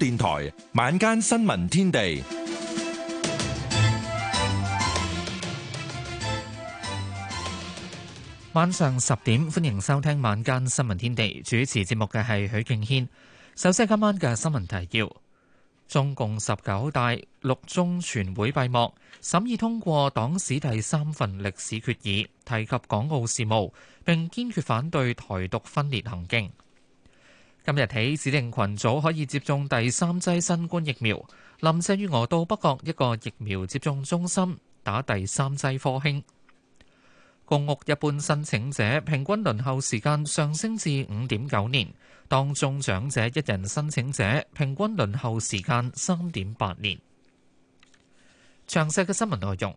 電台晚間新聞天地，晚上十點歡迎收聽晚間新聞天地。主持節目嘅係許敬軒，首先係今晚嘅新聞提要：中共十九大六中全會閉幕，審議通過黨史第三份歷史決議，提及港澳事務，並堅決反對台獨分裂行徑。今日起，指定群組可以接種第三劑新冠疫苗。林鄭月娥到北角一個疫苗接種中心打第三劑科興。公屋一般申請者平均輪候時間上升至五點九年，當中長者一人申請者平均輪候時間三點八年。詳細嘅新聞內容，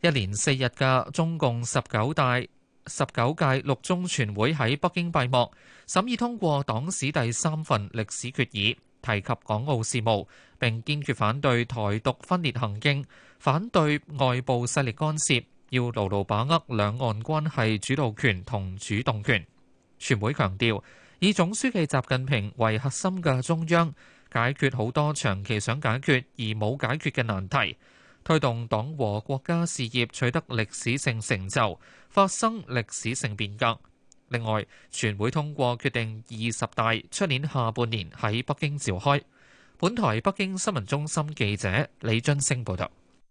一連四日嘅中共十九大。十九屆六中全會喺北京閉幕，審議通過黨史第三份歷史決議，提及港澳事務，並堅決反對台獨分裂行徑，反對外部勢力干涉，要牢牢把握兩岸關係主導權同主動權。全會強調，以總書記習近平為核心嘅中央，解決好多長期想解決而冇解決嘅難題。推動黨和國家事業取得歷史性成就，發生歷史性變革。另外，全會通過決定，二十大出年下半年喺北京召開。本台北京新聞中心記者李津升報道。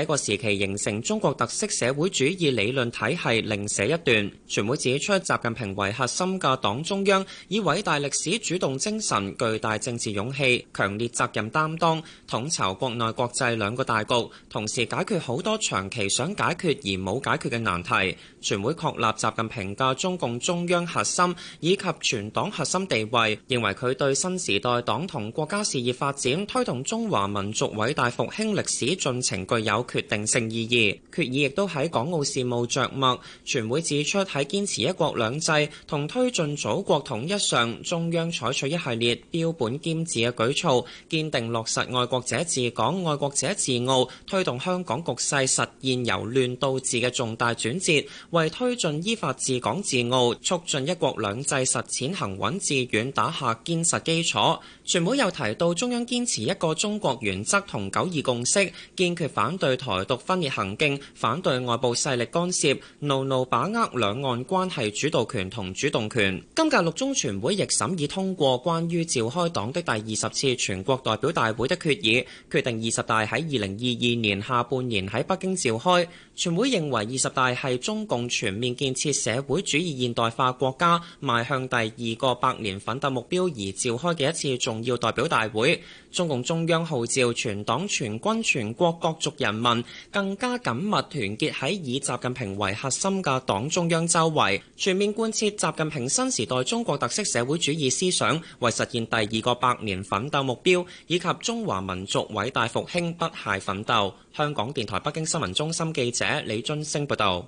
呢個時期形成中國特色社會主義理論體系，另寫一段。全會指出，習近平為核心嘅黨中央，以偉大歷史主動精神、巨大政治勇氣、強烈責任擔當，統籌國內國際兩個大局，同時解決好多長期想解決而冇解決嘅難題。全會確立習近平嘅中共中央核心以及全黨核心地位，認為佢對新時代黨同國家事業發展、推動中華民族偉大復興歷史進程具有。決定性意義，決議亦都喺港澳事務着墨。全會指出，喺堅持一國兩制同推進祖國統一上，中央採取一系列標本兼治嘅舉措，堅定落實愛國者治港、愛國者治澳，推動香港局勢實現由亂到治嘅重大轉折，為推進依法治港治澳、促進一國兩制實踐行穩致遠打下堅實基礎。全會又提到中央堅持一個中國原則同九二共識，堅決反對台獨分裂行徑，反對外部勢力干涉，牢牢把握兩岸關係主導權同主動權。今屆六中全會亦審議通過關於召開黨的第二十次全國代表大會的決議，決定二十大喺二零二二年下半年喺北京召開。全會認為二十大係中共全面建設社會主義現代化國家，邁向第二個百年奮鬥目標而召開嘅一次重要代表大會。中共中央號召全黨全軍全國各族人民更加緊密團結喺以習近平為核心嘅黨中央周圍，全面貫徹習近平新時代中國特色社會主義思想，為實現第二個百年奮鬥目標以及中華民族偉大復興不懈奮鬥。香港電台北京新聞中心記者李津升報道。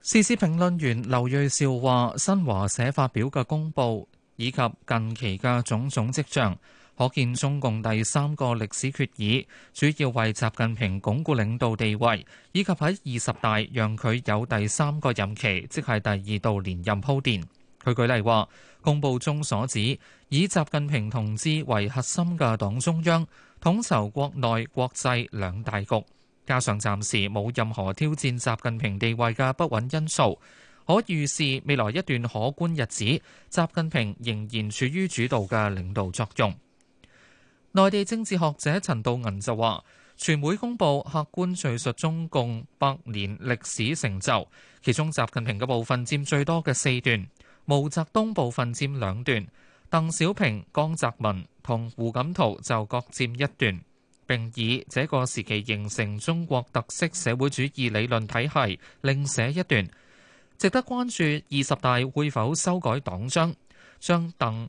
時事評論員劉瑞兆話新華社發表嘅公布。以及近期嘅種種跡象，可見中共第三個歷史決議主要為習近平鞏固領導地位，以及喺二十大讓佢有第三個任期，即係第二度連任鋪墊，佢舉例話公報中所指以習近平同志為核心嘅黨中央，統籌國內國際兩大局，加上暫時冇任何挑戰習近平地位嘅不穩因素。可預示未來一段可觀日子，習近平仍然處於主導嘅領導作用。內地政治學者陳道銀就話，全會公佈客觀敘述中共百年歷史成就，其中習近平嘅部分佔最多嘅四段，毛澤東部分佔兩段，鄧小平、江澤民同胡錦濤就各佔一段，並以這個時期形成中國特色社會主義理論體系另寫一段。值得關注二十大會否修改黨章，將鄧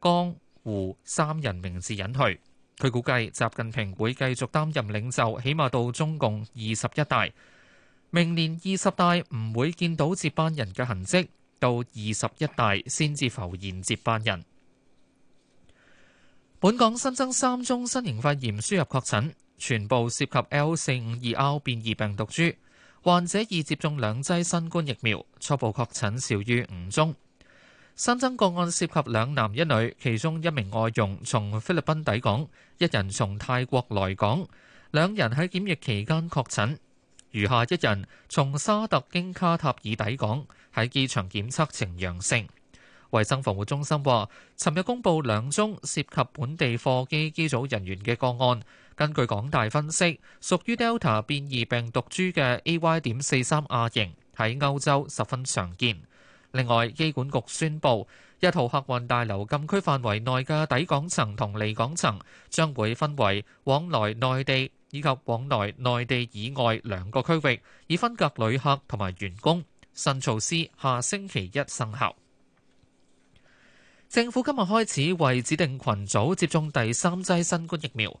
江胡三人名字隱去？佢估計習近平會繼續擔任領袖，起碼到中共二十一大。明年二十大唔會見到接班人嘅痕跡，到二十一大先至浮現接班人。本港新增三宗新型肺炎輸入確診，全部涉及 L 四五二 R 變異病毒株。患者已接種兩劑新冠疫苗，初步確診少於五宗。新增個案涉及兩男一女，其中一名外傭從菲律賓抵港，一人從泰國來港，兩人喺檢疫期間確診。餘下一人從沙特經卡塔爾抵港，喺機場檢測呈陽性。衛生防護中心話，尋日公布兩宗涉及本地貨機機組人員嘅個案。根據港大分析，屬於 Delta 變異病毒株嘅 AY 點四三亞型喺歐洲十分常見。另外，機管局宣布，一號客運大樓禁區範圍內嘅抵港層同離港層將會分為往來內地以及往來內地以外兩個區域，以分隔旅客同埋員工。新措施下星期一生效。政府今日開始為指定群組接種第三劑新冠疫苗。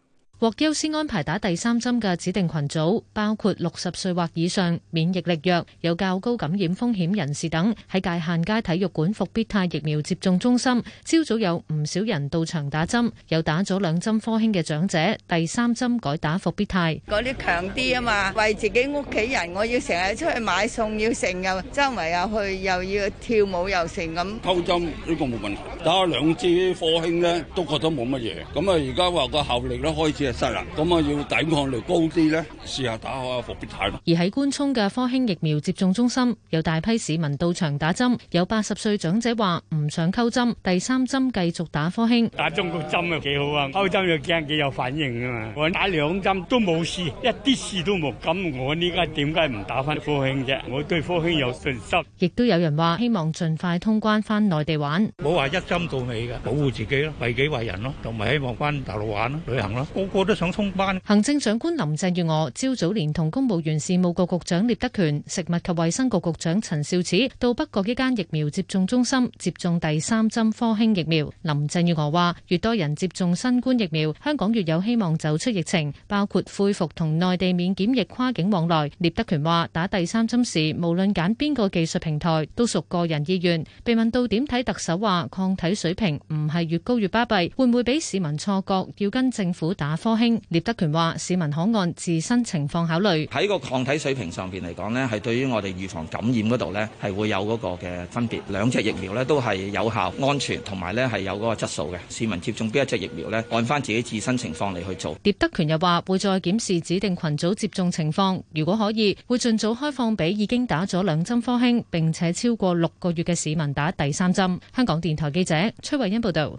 獲優先安排打第三針嘅指定群組，包括六十歲或以上、免疫力弱、有較高感染風險人士等，喺界限街體育館復必泰疫苗接種中心。朝早有唔少人到場打針，有打咗兩針科興嘅長者，第三針改打復必泰。嗰啲強啲啊嘛，為自己屋企人，我要成日出去買餸，要成日周圍又去，又要跳舞又成咁。溝針呢個冇問題，打兩支科興呢都覺得冇乜嘢。咁啊，而家話個效力咧開始。咁啊，要抵抗力高啲咧，試下打下復必泰睇咯。而喺官涌嘅科興疫苗接種中心，有大批市民到場打針。有八十歲長者話：唔想溝針，第三針繼續打科興。打中國針啊，幾好啊！溝針又驚，幾有反應啊嘛！我打兩針都冇事，一啲事都冇。咁我呢家點解唔打翻科興啫？我對科興有信心。亦都有人話：希望盡快通關翻內地玩。冇話一針到尾嘅，保護自己咯，為己為人咯，同埋希望翻大陸玩咯，旅行咯。嗰個。我都想衝班。行政長官林鄭月娥朝早連同公務員事務局局長聶德權、食物及衛生局局長陳肇始到北角一間疫苗接種中心接種第三針科興疫苗。林鄭月娥話：越多人接種新冠疫苗，香港越有希望走出疫情，包括恢復同內地免檢疫跨境往來。聶德權話：打第三針時，無論揀邊個技術平台，都屬個人意願。被問到點睇特首話抗體水平唔係越高越巴閉，會唔會俾市民錯覺要跟政府打科興？科興聶德權話：市民可按自身情況考慮。喺個抗體水平上邊嚟講呢係對於我哋預防感染嗰度呢，係會有嗰個嘅分別。兩隻疫苗呢都係有效、安全，同埋呢係有嗰個質素嘅。市民接種邊一隻疫苗呢？按翻自己自身情況嚟去做。聶德權又話：會再檢視指定群組接種情況，如果可以，會盡早開放俾已經打咗兩針科興並且超過六個月嘅市民打第三針。香港電台記者崔慧欣報道。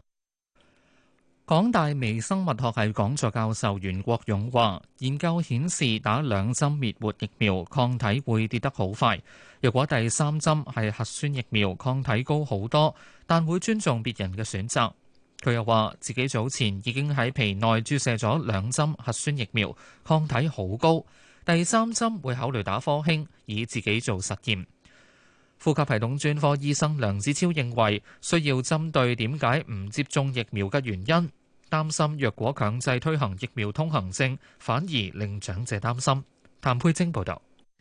港大微生物學系講座教授袁國勇話，研究顯示打兩針滅活疫苗，抗體會跌得好快。若果第三針係核酸疫苗，抗體高好多，但會尊重別人嘅選擇。佢又話自己早前已經喺皮內注射咗兩針核酸疫苗，抗體好高，第三針會考慮打科興，以自己做實驗。呼吸系統專科醫生梁子超認為，需要針對點解唔接種疫苗嘅原因，擔心若果強制推行疫苗通行證，反而令長者擔心。譚佩晶報導。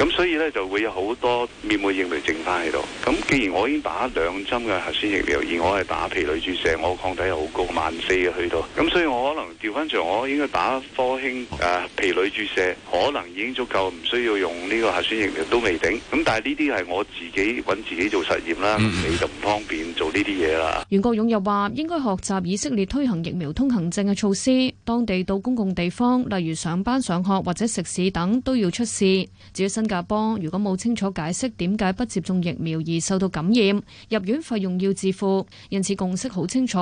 咁、嗯、所以咧就會有好多免疫應力剩翻喺度。咁、嗯、既然我已經打兩針嘅核酸疫苗，而我係打皮內注射，我抗體又好高，萬四去到。咁、嗯、所以我可能調翻轉，我應該打科興誒、啊、皮內注射，可能已經足夠，唔需要用呢個核酸疫苗都未定。咁、嗯、但係呢啲係我自己揾自己做實驗啦，你就唔方便做呢啲嘢啦。嗯、袁國勇又話：應該學習以色列推行疫苗通行證嘅措施，當地到公共地方，例如上班、上學或者食肆等，都要出示。至於新加波如果冇清楚解釋點解不接種疫苗而受到感染，入院費用要自負，因此共識好清楚。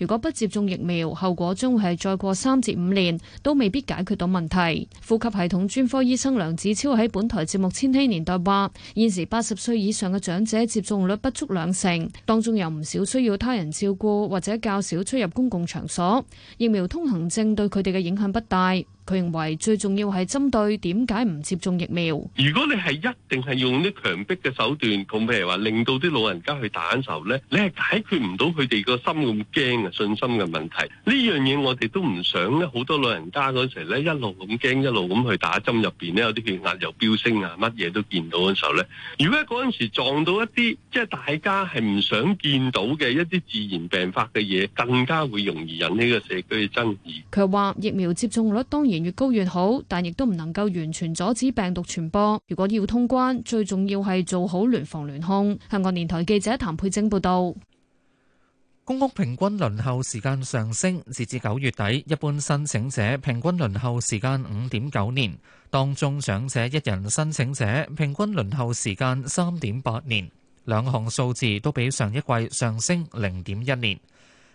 如果不接種疫苗，後果將會係再過三至五年都未必解決到問題。呼吸系統專科醫生梁子超喺本台節目《千禧年代》話：現時八十歲以上嘅長者接種率不足兩成，當中有唔少需要他人照顧或者較少出入公共場所。疫苗通行證對佢哋嘅影響不大。佢認為最重要係針對點解唔接種疫苗。如果你係一定係用啲強迫嘅手段，咁譬如話令到啲老人家去打針嘅時候咧，你係解決唔到佢哋個心咁驚嘅信心嘅問題。呢樣嘢我哋都唔想咧，好多老人家嗰時咧一路咁驚，一路咁去打針入邊咧，有啲血壓又飆升啊，乜嘢都見到嗰時候咧。如果嗰陣時撞到一啲即係大家係唔想見到嘅一啲自然病發嘅嘢，更加會容易引起個社區嘅爭議。佢話疫苗接種率當然，越高越好，但亦都唔能夠完全阻止病毒傳播。如果要通關，最重要係做好聯防聯控。香港電台記者譚佩晶報導。公屋平均輪候時間上升，截至九月底，一般申請者平均輪候時間五點九年，當中長者一人申請者平均輪候時間三點八年，兩項數字都比上一季上升零點一年。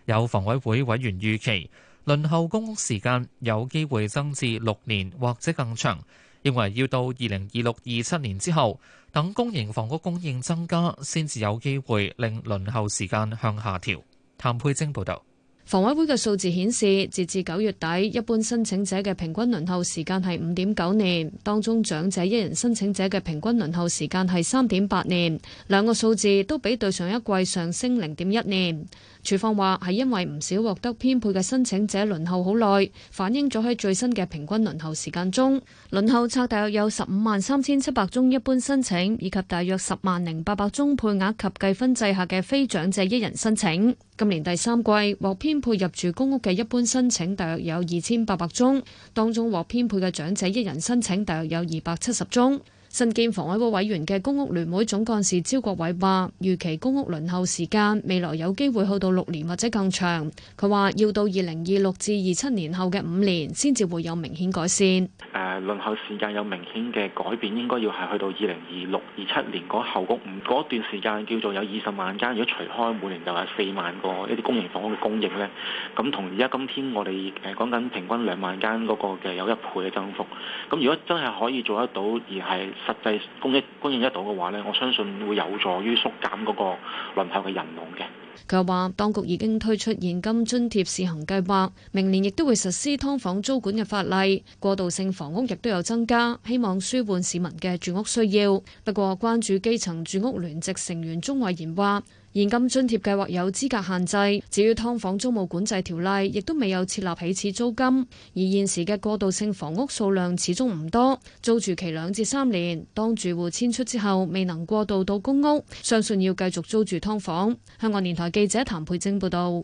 有房委會委員預期。輪候公屋時間有機會增至六年或者更長，認為要到二零二六、二七年之後，等公營房屋供應增加，先至有機會令輪候時間向下調。譚佩晶報導，房委會嘅數字顯示，截至九月底，一般申請者嘅平均輪候時間係五點九年，當中長者一人申請者嘅平均輪候時間係三點八年，兩個數字都比對上一季上升零點一年。署方話係因為唔少獲得編配嘅申請者輪候好耐，反映咗喺最新嘅平均輪候時間中，輪候冊大約有十五萬三千七百宗一般申請，以及大約十萬零八百宗配額及計分制下嘅非長者一人申請。今年第三季獲編配入住公屋嘅一般申請大約有二千八百宗，當中獲編配嘅長者一人申請大約有二百七十宗。新建房委會委員嘅公屋聯會總幹事招國偉話，預期公屋輪候時間未來有機會去到六年或者更長。佢話，要到二零二六至二七年後嘅五年，先至會有明顯改善。誒輪候時間有明顯嘅改變，應該要係去到二零二六二七年嗰段時間叫做有二十萬間。如果除開每年就有四萬個一啲公營房屋嘅供應呢，咁同而家今天我哋誒講緊平均兩萬間嗰個嘅有一倍嘅增幅。咁如果真係可以做得到而係實際供應供應一度嘅話咧，我相信會有助於縮減嗰個輪候嘅人龍嘅。佢又話，當局已經推出現金津貼試行計劃，明年亦都會實施劏房租管嘅法例，過渡性房屋亦都有增加，希望舒緩市民嘅住屋需要。不過，關注基層住屋聯席成員鍾慧賢話。現金津貼計劃有資格限制，至於劏房租務管制條例，亦都未有設立起始租金。而現時嘅過渡性房屋數量始終唔多，租住期兩至三年。當住戶遷出之後，未能過渡到公屋，相信要繼續租住劏房。香港電台記者譚佩晶報導。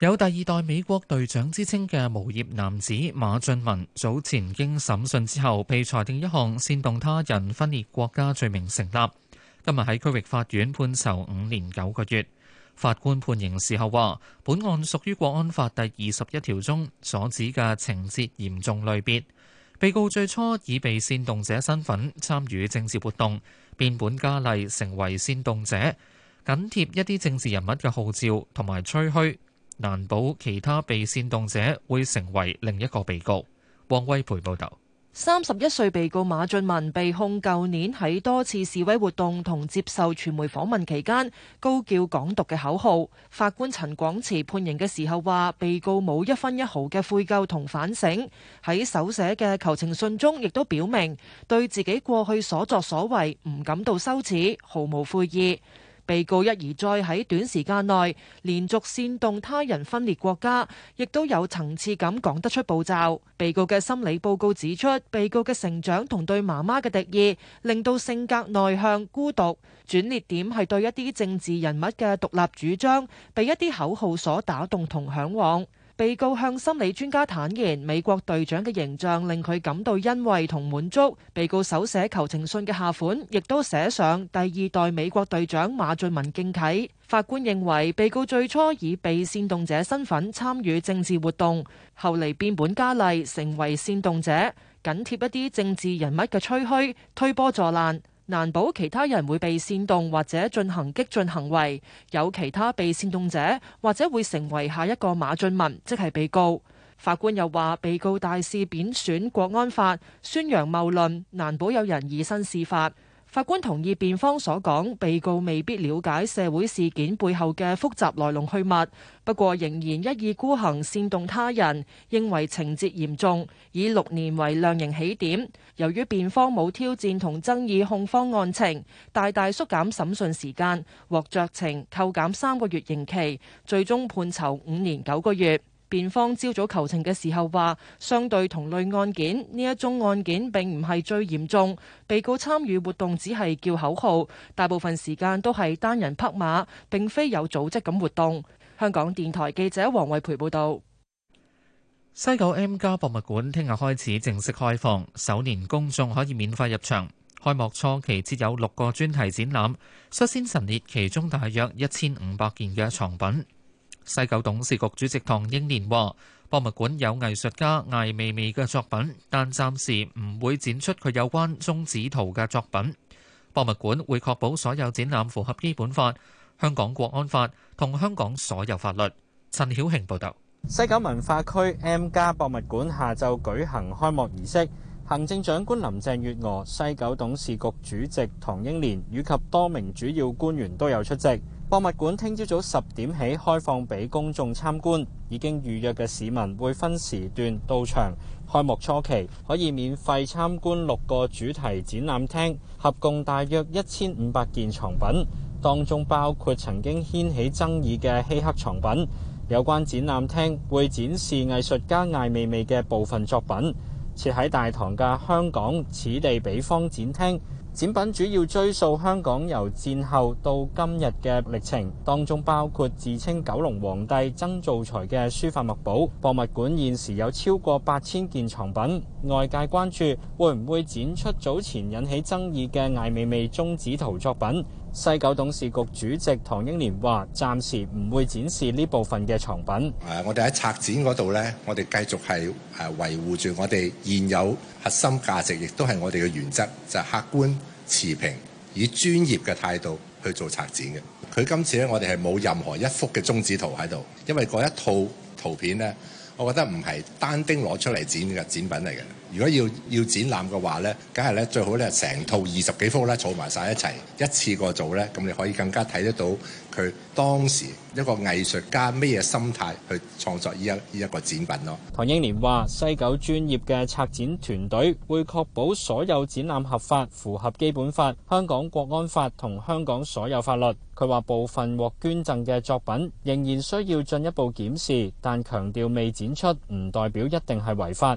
有第二代美國隊長之稱嘅無業男子馬俊文，早前經審訊之後，被裁定一項煽動他人分裂國家罪名成立。今日喺區域法院判囚五年九個月。法官判刑時候話：本案屬於《國安法》第二十一條中所指嘅情節嚴重類別。被告最初以被煽動者身份參與政治活動，變本加厲成為煽動者，緊貼一啲政治人物嘅號召同埋吹噓，難保其他被煽動者會成為另一個被告。汪威培報導。三十一歲被告馬俊文被控舊年喺多次示威活動同接受傳媒訪問期間高叫港獨嘅口號。法官陳廣慈判刑嘅時候話，被告冇一分一毫嘅悔疚同反省。喺手寫嘅求情信中，亦都表明對自己過去所作所為唔感到羞恥，毫無悔意。被告一而再喺短時間內連續煽動他人分裂國家，亦都有層次感講得出步驟，被告嘅心理報告指出，被告嘅成長同對媽媽嘅敵意，令到性格內向孤獨，轉捩點，係對一啲政治人物嘅獨立主張被一啲口號所打動同嚮往。被告向心理專家坦言，美國隊長嘅形象令佢感到欣慰同滿足。被告手寫求情信嘅下款，亦都寫上第二代美國隊長馬俊文敬啟。法官認為，被告最初以被煽動者身份參與政治活動，後嚟變本加厲，成為煽動者，緊貼一啲政治人物嘅吹噓，推波助瀾。難保其他人會被煽動或者進行激進行為，有其他被煽動者或者會成為下一個馬俊文，即係被告。法官又話，被告大肆貶損國安法，宣揚謬論，難保有人以身試法。法官同意辯方所講，被告未必了解社會事件背後嘅複雜來龍去脈，不過仍然一意孤行煽動他人，認為情節嚴重，以六年為量刑起點，由於辯方冇挑戰同爭議控方案情，大大縮減審訊時間，獲酌情扣減三個月刑期，最終判囚五年九個月。辯方朝早求情嘅時候話，相對同類案件呢一宗案件並唔係最嚴重，被告參與活動只係叫口號，大部分時間都係單人匹馬，並非有組織咁活動。香港電台記者黃惠培報道。西九 M+ 博物館聽日開始正式開放，首年公眾可以免費入場。開幕初期設有六個專題展覽，率先陳列其中大約一千五百件嘅藏品。西九董事局主席唐英年話：博物館有藝術家艾未未嘅作品，但暫時唔會展出佢有關中指圖嘅作品。博物館會確保所有展覽符合基本法、香港國安法同香港所有法律。陳曉慶報導。西九文化區 M+ 博物館下晝舉行開幕儀式，行政長官林鄭月娥、西九董事局主席唐英年以及多名主要官員都有出席。博物館聽朝早十點起開放俾公眾參觀，已經預約嘅市民會分時段到場。開幕初期可以免費參觀六個主題展覽廳，合共大約一千五百件藏品，當中包括曾經掀起爭議嘅希克藏品。有關展覽廳會展示藝術家艾未未嘅部分作品，設喺大堂嘅香港此地彼方展廳。展品主要追溯香港由戰後到今日嘅歷程，當中包括自稱九龍皇帝曾灶才嘅書法墨寶。博物館現時有超過八千件藏品，外界關注會唔會展出早前引起爭議嘅艾未未中指圖作品。西九董事局主席唐英年話：暫時唔會展示呢部分嘅藏品。誒，我哋喺策展嗰度咧，我哋繼續係誒維護住我哋現有核心價值，亦都係我哋嘅原則，就係客觀持平，以專業嘅態度去做策展嘅。佢今次咧，我哋係冇任何一幅嘅中指圖喺度，因為嗰一套圖片咧，我覺得唔係單丁攞出嚟展嘅展品嚟嘅。如果要要展覽嘅話咧，梗係咧最好咧，成套二十幾幅咧，儲埋晒一齊一次過做咧，咁你可以更加睇得到佢當時一個藝術家咩嘢心態去創作呢一呢一個展品咯。唐英年話，西九專業嘅策展團隊會確保所有展覽合法，符合基本法、香港國安法同香港所有法律。佢話部分獲捐贈嘅作品仍然需要進一步檢視，但強調未展出唔代表一定係違法。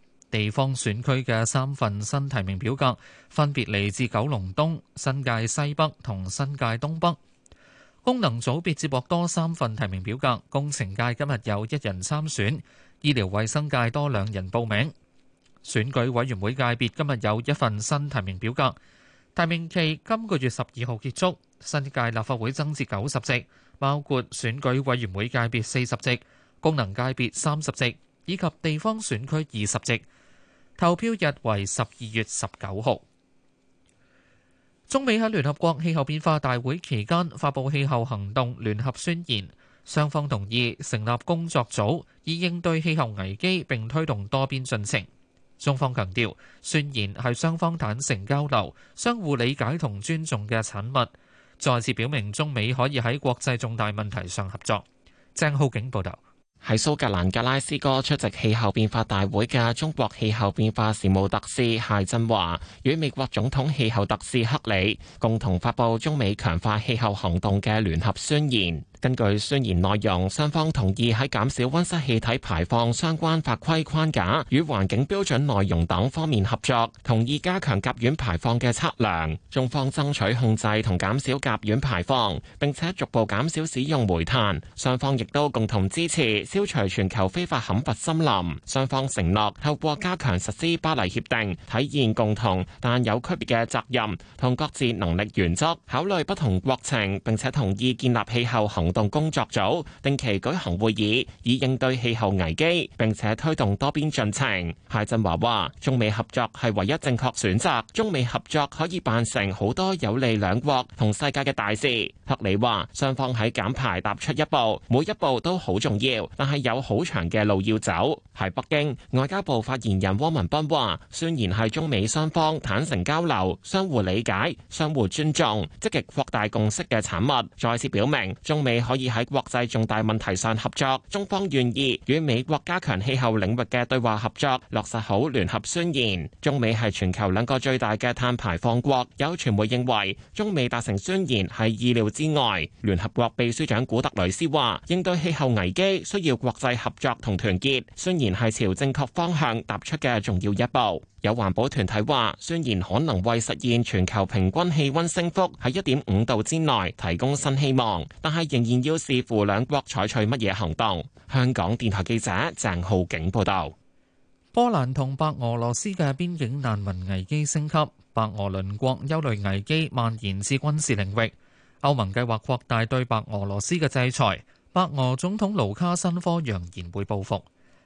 地方選區嘅三份新提名表格分別嚟自九龍東、新界西北同新界東北，功能組別接獲多三份提名表格，工程界今日有一人參選，醫療衞生界多兩人報名。選舉委員會界別今日有一份新提名表格，提名期今個月十二號結束。新界立法會增至九十席，包括選舉委員會界別四十席，功能界別三十席，以及地方選區二十席。投票日為十二月十九號。中美喺聯合國氣候變化大會期間發佈氣候行動聯合宣言，雙方同意成立工作組，以應對氣候危機，並推動多邊進程。中方強調，宣言係雙方坦誠交流、相互理解同尊重嘅產物，再次表明中美可以喺國際重大問題上合作。鄭浩景報道。喺蘇格蘭格拉斯哥出席氣候變化大會嘅中國氣候變化事務特使解振華與美國總統氣候特使克里共同發布中美強化氣候行動嘅聯合宣言。根據宣言內容，雙方同意喺減少溫室氣體排放相關法規框架與環境標準內容等方面合作，同意加強甲烷排放嘅測量，中方爭取控制同減少甲烷排放，並且逐步減少使用煤炭。雙方亦都共同支持消除全球非法砍伐森林。雙方承諾透過加強實施《巴黎協定》，體現共同但有區別嘅責任同各自能力原則，考慮不同國情，並且同意建立氣候行。動工作組定期舉行會議，以應對氣候危機，並且推動多邊進程。解振華話：中美合作係唯一正確選擇，中美合作可以辦成好多有利兩國同世界嘅大事。克里話：雙方喺減排踏出一步，每一步都好重要，但係有好長嘅路要走。喺北京，外交部發言人汪文斌話：宣言係中美雙方坦誠交流、相互理解、相互尊重、積極擴大共識嘅產物，再次表明中美。可以喺國際重大問題上合作，中方願意與美國加強氣候領域嘅對話合作，落實好聯合宣言。中美係全球兩個最大嘅碳排放國。有傳媒認為，中美達成宣言係意料之外。聯合國秘書長古特雷斯話，應對氣候危機需要國際合作同團結。宣言係朝正確方向踏出嘅重要一步。有環保團體話，宣言可能為實現全球平均氣溫升幅喺一點五度之內提供新希望。但係仍然。要視乎兩國採取乜嘢行動。香港電台記者鄭浩景報道：波蘭同白俄羅斯嘅邊境難民危機升級，白俄鄰國憂慮危機蔓延至軍事領域。歐盟計劃擴大對白俄羅斯嘅制裁，白俄總統盧卡申科揚言會報復。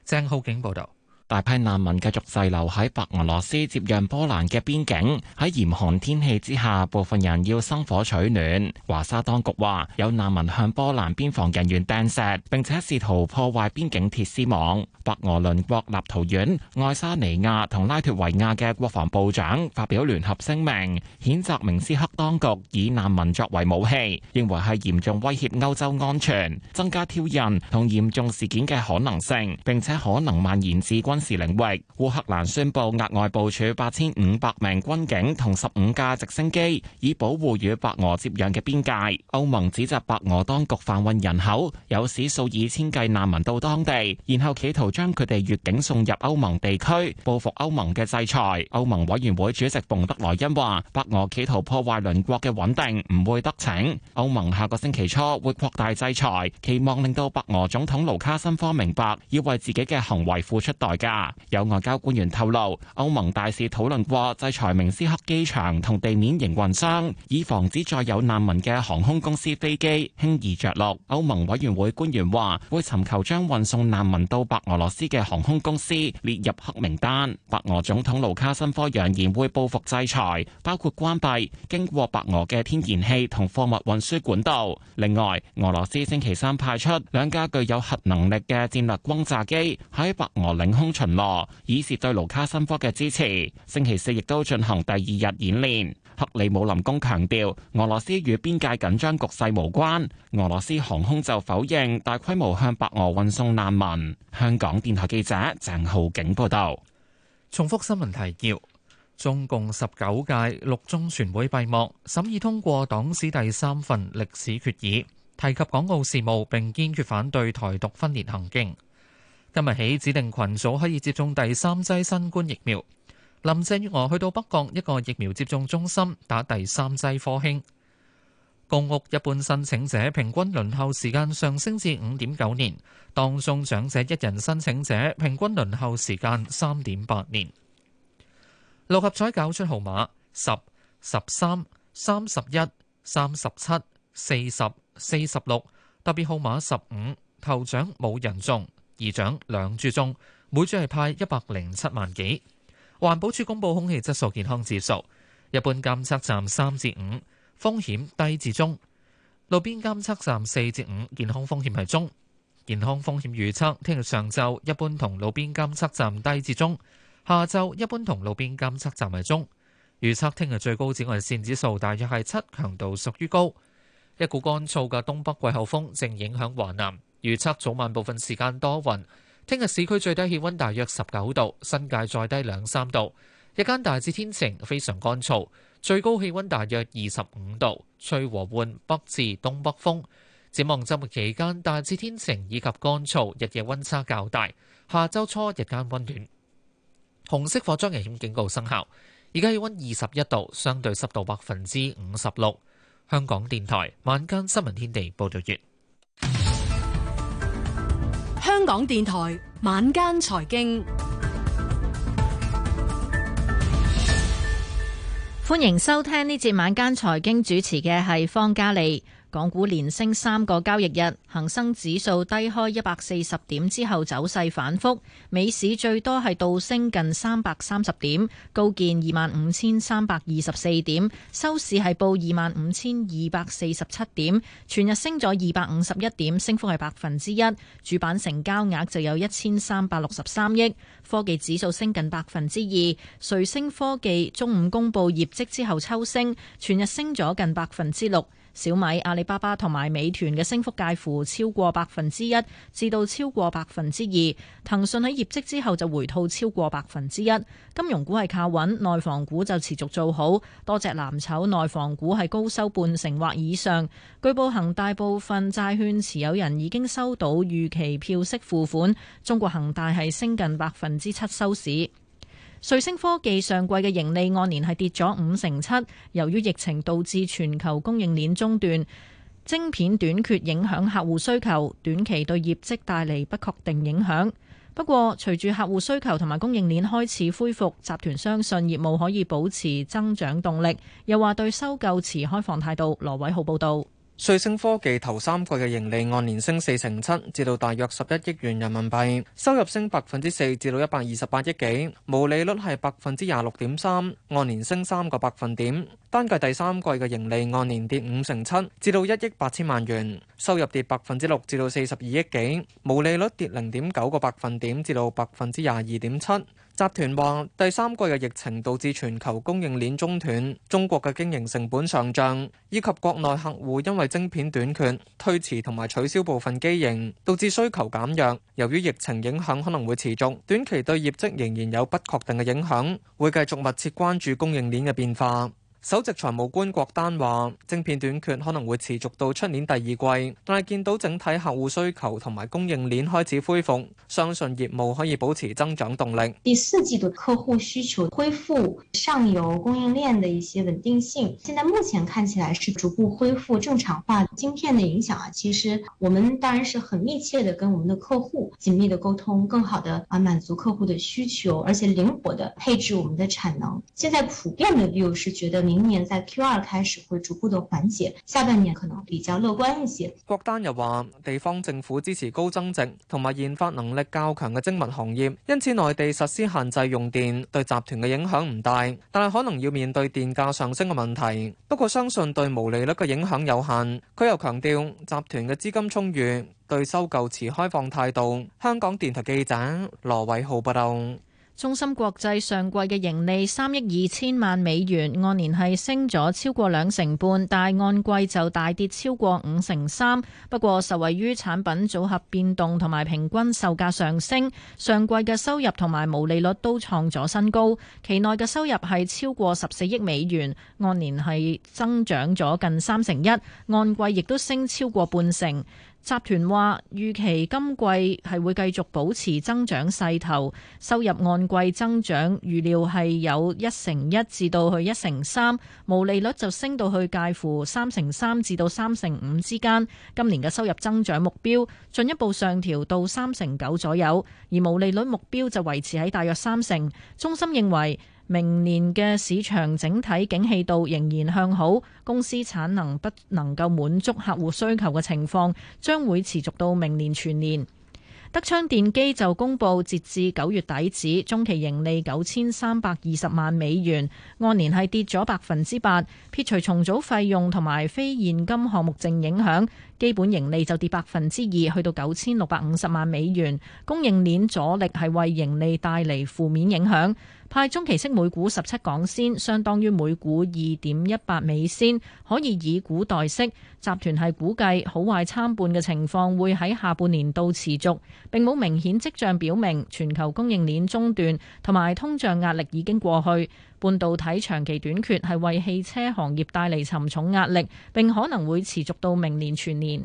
鄭浩景報道。大批難民繼續滯留喺白俄羅斯接壤波蘭嘅邊境，喺嚴寒天氣之下，部分人要生火取暖。華沙當局話，有難民向波蘭邊防人員掟石，並且試圖破壞邊境鐵絲網。白俄鄰國立陶宛、愛沙尼亞同拉脱維亞嘅國防部長發表聯合聲明，譴責明斯克當局以難民作為武器，認為係嚴重威脅歐洲安全，增加挑釁同嚴重事件嘅可能性，並且可能蔓延至軍軍事領域，烏克蘭宣布額外部署八千五百名軍警同十五架直升機，以保護與白俄接壤嘅邊界。歐盟指責白俄當局販運人口，有史數以千計難民到當地，然後企圖將佢哋越境送入歐盟地區，報復歐盟嘅制裁。歐盟委員會主席馮德萊恩話：白俄企圖破壞鄰國嘅穩定，唔會得逞。歐盟下個星期初會擴大制裁，期望令到白俄總統盧卡申科明白要為自己嘅行為付出代價。有外交官員透露，歐盟大使討論過制裁明斯克機場同地面營運商，以防止再有難民嘅航空公司飛機輕易着陸。歐盟委員會官員話會尋求將運送難民到白俄羅斯嘅航空公司列入黑名單。白俄總統盧卡申科揚言會報復制裁，包括關閉經過白俄嘅天然氣同貨物運輸管道。另外，俄羅斯星期三派出兩架具有核能力嘅戰略轟炸機喺白俄領空。巡邏，以示對盧卡申科嘅支持。星期四亦都進行第二日演練。克里姆林宮強調，俄羅斯與邊界緊張局勢無關。俄羅斯航空就否認大規模向白俄運送難民。香港電台記者鄭浩景報道。重複新聞提要：中共十九屆六中全會閉幕，審議通過黨史第三份歷史決議，提及港澳事務，並堅決反對台獨分裂行徑。今日起，指定群組可以接種第三劑新冠疫苗。林鄭月娥去到北角一個疫苗接種中心打第三劑科興。公屋一般申請者平均輪候時間上升至五點九年，當中長者一人申請者平均輪候時間三點八年。六合彩攪出號碼十十三三十一三十七四十四十六，10, 13, 31, 37, 40, 46，特別號碼十五頭獎冇人中。二獎兩注中，每注係派一百零七萬幾。環保署公布空氣質素健康指數，一般監測站三至五，風險低至中；路邊監測站四至五，健康風險係中。健康風險預測聽日上晝一般同路邊監測站低至中，下晝一般同路邊監測站係中。預測聽日最高紫外線指數大約係七，強度屬於高。一股乾燥嘅東北季候風正影響華南。預測早晚部分時間多雲，聽日市區最低氣溫大約十九度，新界再低兩三度。日間大致天晴，非常乾燥，最高氣溫大約二十五度，吹和緩北至東北風。展望周末期間，大致天晴以及乾燥，日夜溫差較大。下周初日間溫暖。紅色火災危險警告生效，而家氣溫二十一度，相對濕度百分之五十六。香港電台晚間新聞天地報道完。香港電台晚間財經，歡迎收聽呢節晚間財經，主持嘅係方嘉利。港股連升三個交易日，恒生指數低開一百四十點之後走勢反覆。美市最多係倒升近三百三十點，高見二萬五千三百二十四點，收市係報二萬五千二百四十七點，全日升咗二百五十一點，升幅係百分之一。主板成交額就有一千三百六十三億。科技指數升近百分之二，瑞聲科技中午公布業績之後抽升，全日升咗近百分之六。小米、阿里巴巴同埋美團嘅升幅介乎超過百分之一至到超過百分之二，騰訊喺業績之後就回吐超過百分之一。金融股係靠穩，內房股就持續做好，多隻藍籌內房股係高收半成或以上。據報恒大部分債券持有人已經收到預期票息付款，中國恒大係升近百分之七收市。瑞星科技上季嘅盈利按年係跌咗五成七，由於疫情導致全球供應鏈中斷，晶片短缺影響客戶需求，短期對業績帶嚟不確定影響。不過，隨住客戶需求同埋供應鏈開始恢復，集團相信業務可以保持增長動力，又話對收購持開放態度。羅偉浩報道。瑞聲科技頭三季嘅盈利按年升四成七，至到大約十一億元人民幣，收入升百分之四，至到一百二十八億幾，毛利率係百分之廿六點三，按年升三個百分點。單計第三季嘅盈利按年跌五成七，至到一億八千萬元，收入跌百分之六，至到四十二億幾，毛利率跌零點九個百分點，至到百分之廿二點七。集團話，第三季嘅疫情導致全球供應鏈中斷，中國嘅經營成本上漲，以及國內客戶因為晶片短缺、推遲同埋取消部分機型，導致需求減弱。由於疫情影響可能會持續，短期對業績仍然有不確定嘅影響，會繼續密切關注供應鏈嘅變化。首席財務官郭丹話：晶片短缺可能會持續到出年第二季，但係見到整體客戶需求同埋供應鏈開始恢復，相信業務可以保持增長動力。第四季度客戶需求恢復，上游供應鏈的一些穩定性，現在目前看起來是逐步恢復正常化。晶片的影響啊，其實我們當然是很密切的跟我們的客戶緊密的溝通，更好的啊滿足客戶的需求，而且靈活的配置我們的產能。現在普遍的 view 是覺得你。」明年在 Q 二開始會逐步的緩解，下半年可能比較樂觀一些。郭丹又話，地方政府支持高增值同埋研發能力較強嘅精密行業，因此內地實施限制用電對集團嘅影響唔大，但係可能要面對電價上升嘅問題。不過相信對毛利率嘅影響有限。佢又強調，集團嘅資金充裕，對收購持開放態度。香港電台記者羅偉浩報道。中芯國際上季嘅盈利三億二千萬美元，按年係升咗超過兩成半，但按季就大跌超過五成三。不過受惠於產品組合變動同埋平均售價上升，上季嘅收入同埋毛利率都創咗新高。期內嘅收入係超過十四億美元，按年係增長咗近三成一，按季亦都升超過半成。集團話預期今季係會繼續保持增長勢頭，收入按季增長預料係有一成一至到去一成三，毛利率就升到去介乎三成三至到三成五之間。今年嘅收入增長目標進一步上調到三成九左右，而毛利率目標就維持喺大約三成。中心認為，明年嘅市場整體景氣度仍然向好，公司產能不能夠滿足客戶需求嘅情況將會持續到明年全年。德昌電機就公布截至九月底止中期盈利九千三百二十萬美元，按年係跌咗百分之八，撇除重組費用同埋非現金項目淨影響，基本盈利就跌百分之二，去到九千六百五十萬美元。供應鏈阻力係為盈利帶嚟負面影響。派中期息每股十七港仙，相當於每股二點一八美仙，可以以股代息。集團係估計好壞參半嘅情況會喺下半年度持續，並冇明顯迹象表明全球供應鏈中斷同埋通脹壓力已經過去。半導體長期短缺係為汽車行業帶嚟沉重壓力，並可能會持續到明年全年。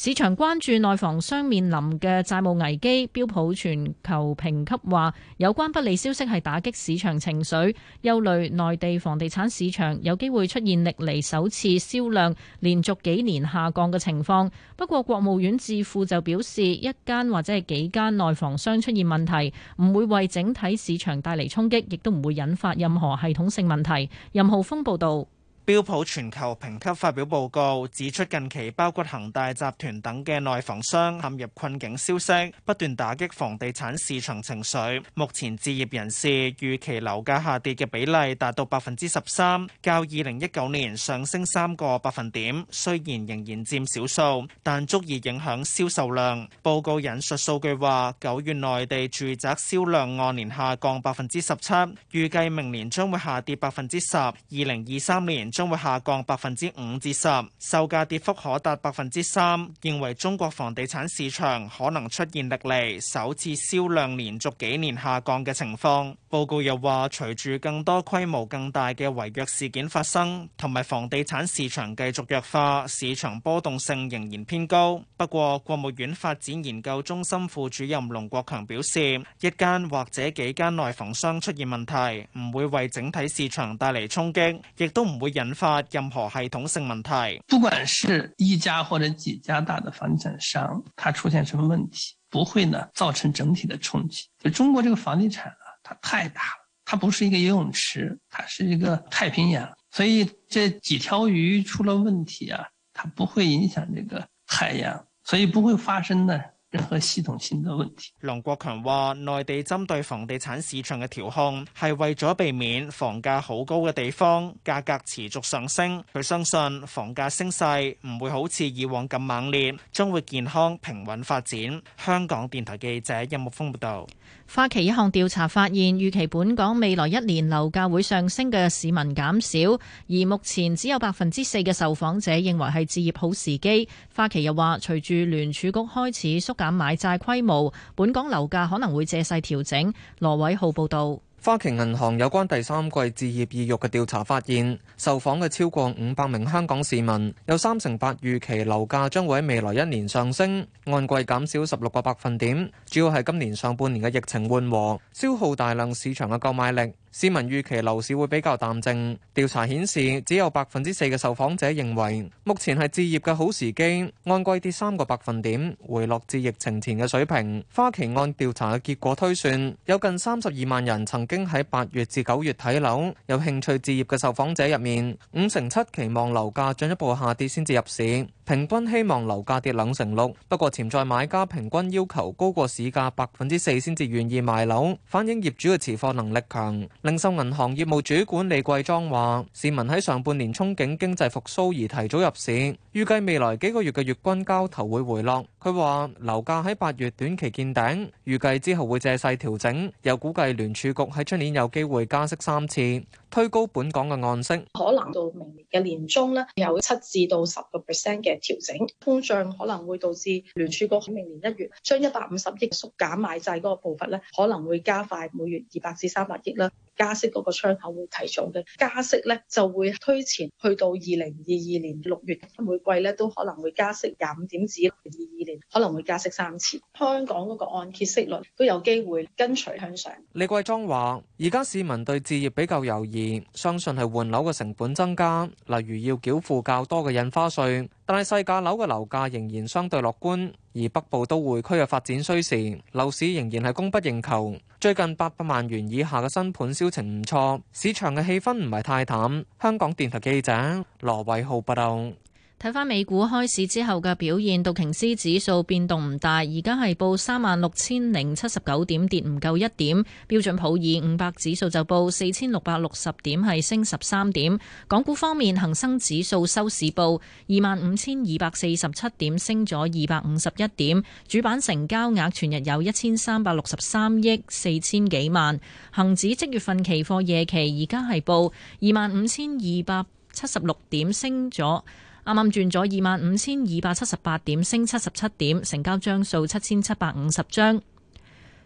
市場關注內房商面臨嘅債務危機，標普全球評級話有關不利消息係打擊市場情緒，憂慮內地房地產市場有機會出現歷嚟首次銷量連續幾年下降嘅情況。不過國務院智庫就表示，一間或者係幾間內房商出現問題，唔會為整體市場帶嚟衝擊，亦都唔會引發任何系統性問題。任浩峰報導。標普全球評級發表報告指出，近期包括恒大集團等嘅內房商陷入困境消息，不斷打擊房地產市場情緒。目前置業人士預期樓價下跌嘅比例達到百分之十三，較二零一九年上升三個百分點，雖然仍然佔少數，但足以影響銷售量。報告引述數據話，九月內地住宅銷量按年下降百分之十七，預計明年將會下跌百分之十，二零二三年，將會下降百分之五至十，10，售價跌幅可達百分之三。認為中國房地產市場可能出現歷嚟，首次銷量連續幾年下降嘅情況。報告又話，隨住更多規模更大嘅違約事件發生，同埋房地產市場繼續弱化，市場波動性仍然偏高。不過，國務院發展研究中心副主任龍國強表示，一間或者幾間內房商出現問題，唔會為整體市場帶嚟衝擊，亦都唔會引。引發任何系統性問題，不管是一家或者幾家大的房地產商，它出現什麼問題，不會呢造成整體的衝擊。就中國這個房地產啊，它太大了，它不是一個游泳池，它是一個太平洋，所以這幾條魚出了問題啊，它不會影響這個海洋，所以不會發生呢。任何系統性嘅問題，隆國強話內地針對房地產市場嘅調控係為咗避免房價好高嘅地方價格持續上升。佢相信房價升勢唔會好似以往咁猛烈，將會健康平穩發展。香港電台記者任木峯報道。花旗一項調查發現，預期本港未來一年樓價會上升嘅市民減少，而目前只有百分之四嘅受訪者認為係置業好時機。花旗又話，隨住聯儲局開始縮減買債規模，本港樓價可能會借勢調整。羅偉浩報導。花旗銀行有關第三季置業意欲嘅調查發現，受訪嘅超過五百名香港市民，有三成八預期樓價將會喺未來一年上升，按季減少十六個百分點，主要係今年上半年嘅疫情緩和，消耗大量市場嘅購買力。市民預期樓市會比較淡靜。調查顯示，只有百分之四嘅受訪者認為目前係置業嘅好時機，按季跌三個百分點，回落至疫情前嘅水平。花旗按調查嘅結果推算，有近三十二萬人曾經喺八月至九月睇樓。有興趣置業嘅受訪者入面，五成七期望樓價進一步下跌先至入市。平均希望樓價跌兩成六，不過潛在買家平均要求高過市價百分之四先至願意買樓，反映業主嘅持貨能力強。零售銀行業務主管李桂莊話：市民喺上半年憧憬經濟復甦而提早入市，預計未來幾個月嘅月均交投會回落。佢話樓價喺八月短期見頂，預計之後會借勢調整。又估計聯儲局喺出年有機會加息三次，推高本港嘅按息，可能到明年嘅年中咧有七至到十個 percent 嘅。調整通脹可能會導致聯儲局喺明年一月將一百五十億縮減買債嗰個步伐咧，可能會加快每月二百至三百億啦。加息嗰個窗口會提早嘅，加息咧就會推前去到二零二二年六月，每季咧都可能會加息廿五點子，二二年可能會加息三次。香港嗰個按揭息率都有機會跟隨向上。李桂莊話：而家市民對置業比較猶豫，相信係換樓嘅成本增加，例如要繳付較多嘅印花稅，但係。細價樓嘅樓價仍然相對樂觀，而北部都會區嘅發展需時，樓市仍然係供不應求。最近八百萬元以下嘅新盤銷情唔錯，市場嘅氣氛唔係太淡。香港電台記者羅偉浩報道。睇翻美股開市之後嘅表現，道瓊斯指數變動唔大，而家係報三萬六千零七十九點，跌唔夠一點。標準普爾五百指數就報四千六百六十點，係升十三點。港股方面，恒生指數收市報二萬五千二百四十七點，升咗二百五十一點。主板成交額全日有一千三百六十三億四千幾萬。恒指即月份期貨夜期，而家係報二萬五千二百七十六點升，升咗。啱啱轉咗二萬五千二百七十八點，升七十七點，成交張數七千七百五十張。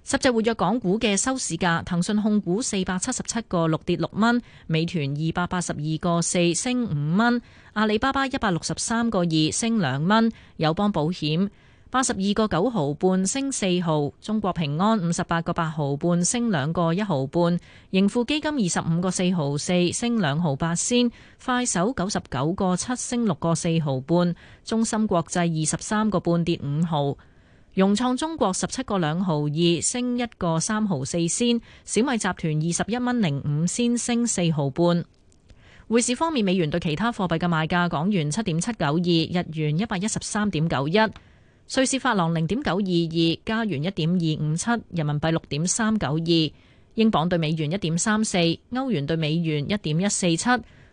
十隻活躍港股嘅收市價，騰訊控股四百七十七個六跌六蚊，美團二百八十二個四升五蚊，阿里巴巴一百六十三個二升兩蚊，友邦保險，八十二個九毫半，95，升四毫；中國平安五十八個八毫半，升兩個一毫半；盈富基金二十五個四毫四，升兩毫八仙，快手九十九個七，升六個四毫半；中芯國際二十三個半，跌五毫；融創中國十七個兩毫二，升一個三毫四仙，小米集團二十一蚊零五仙，升四毫半。匯市方面，美元對其他貨幣嘅賣價：港元七點七九二，日元一百一十三點九一。瑞士法郎零點九二二，加元一點二五七，人民幣六點三九二，英鎊對美元一點三四，歐元對美元一點一四七，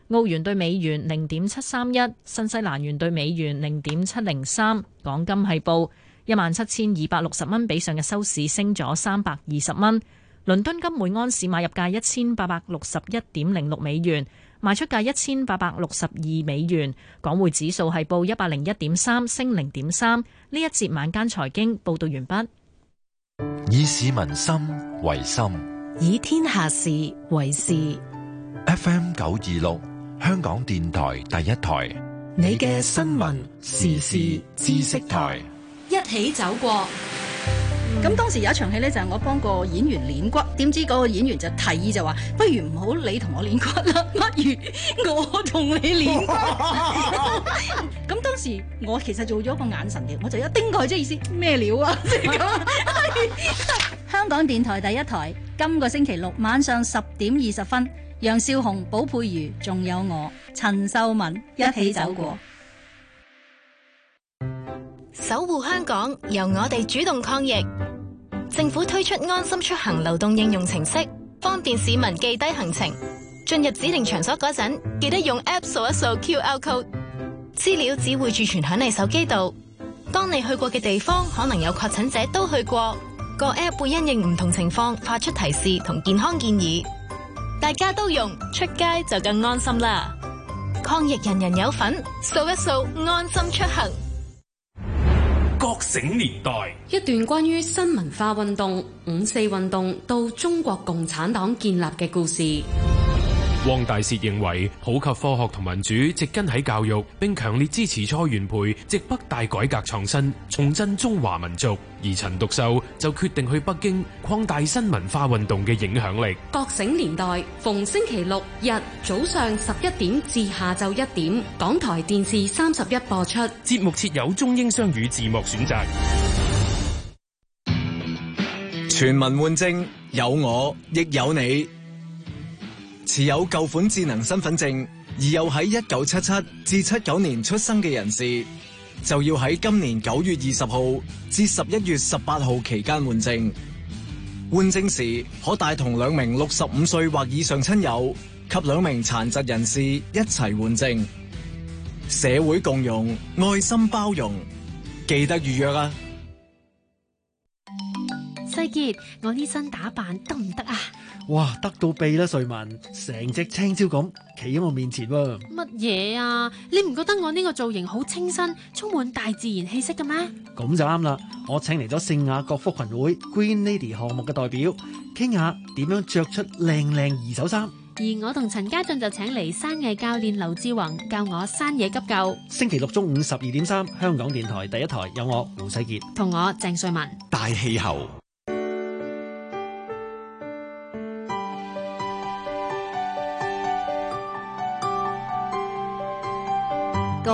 澳元對美元零點七三一，新西蘭元對美元零點七零三。港金係報一萬七千二百六十蚊，比上日收市升咗三百二十蚊。倫敦金每安士買入價一千八百六十一點零六美元。賣出價一千八百六十二美元，港匯指數係報 3, 一百零一點三，升零點三。呢一節晚間財經報道完畢。以市民心為心，以天下事為事。FM 九二六，香港電台第一台，你嘅新聞時事知識台，識台一起走過。咁、嗯、當時有一場戲咧，就係我幫個演員練骨，點知嗰個演員就提議就話，不如唔好你同我練骨啦，不如我同你練骨。咁 當時我其實做咗一個眼神嘅，我就一盯過去，即意思咩料啊？香港電台第一台，今個星期六晚上十點二十分，楊少紅、寶佩如仲有我陳秀敏一起走過，守護香港，由我哋主動抗疫。政府推出安心出行流動應用程式，方便市民記低行程。進入指定場所嗰陣，記得用 App 掃一掃 QR code，資料只會儲存響你手機度。當你去過嘅地方可能有確診者都去過，個 App 會因應唔同情況發出提示同健康建議。大家都用，出街就更安心啦！抗疫人人有份，掃一掃安心出行。覺醒年代，一段關於新文化運動、五四運動到中國共產黨建立嘅故事。汪大燮認為普及科學同民主植根喺教育，並強烈支持蔡元培直北大改革創新，重振中華民族。而陳獨秀就決定去北京擴大新文化運動嘅影響力。覺醒年代，逢星期六日早上十一點至下晝一點，港台電視三十一播出。節目設有中英雙語字幕選擇。全民換證，有我亦有你。持有舊款智能身份證而又喺一九七七至七九年出生嘅人士，就要喺今年九月二十號至十一月十八號期間換證。換證時可帶同兩名六十五歲或以上親友及兩名殘疾人士一齊換證。社會共融，愛心包容，記得預約啊！世傑，我呢身打扮得唔得啊？.哇，得到閉啦！瑞文，成隻青椒咁企喺我面前喎。乜嘢啊？你唔覺得我呢個造型好清新，充滿大自然氣息嘅咩？咁就啱啦！我請嚟咗聖雅各福群會 Green Lady 項目嘅代表，傾下點樣着出靚靚二手衫。而我同陳家俊就請嚟山藝教練劉志宏教我山野急救。星期六中午十二點三，香港電台第一台有我胡世傑，同我鄭瑞文，大氣候。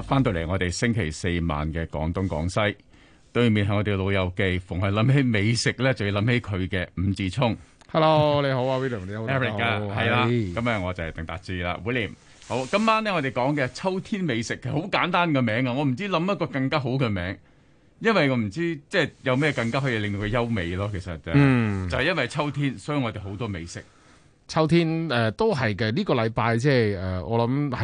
翻到嚟，我哋星期四晚嘅廣東廣西對面係我哋嘅老友記，逢係諗起美食咧，就要諗起佢嘅伍志聰。Hello，你好啊 William，你好 Eric，係啦，咁啊，我就係鄧達志啦。William，好，今晚咧我哋講嘅秋天美食，其實好簡單嘅名啊，我唔知諗一個更加好嘅名，因為我唔知即係有咩更加可以令到佢優美咯。其實、就是，嗯、就係因為秋天，所以我哋好多美食。秋天誒、呃，都係嘅。呢、這個禮拜即係誒，我諗。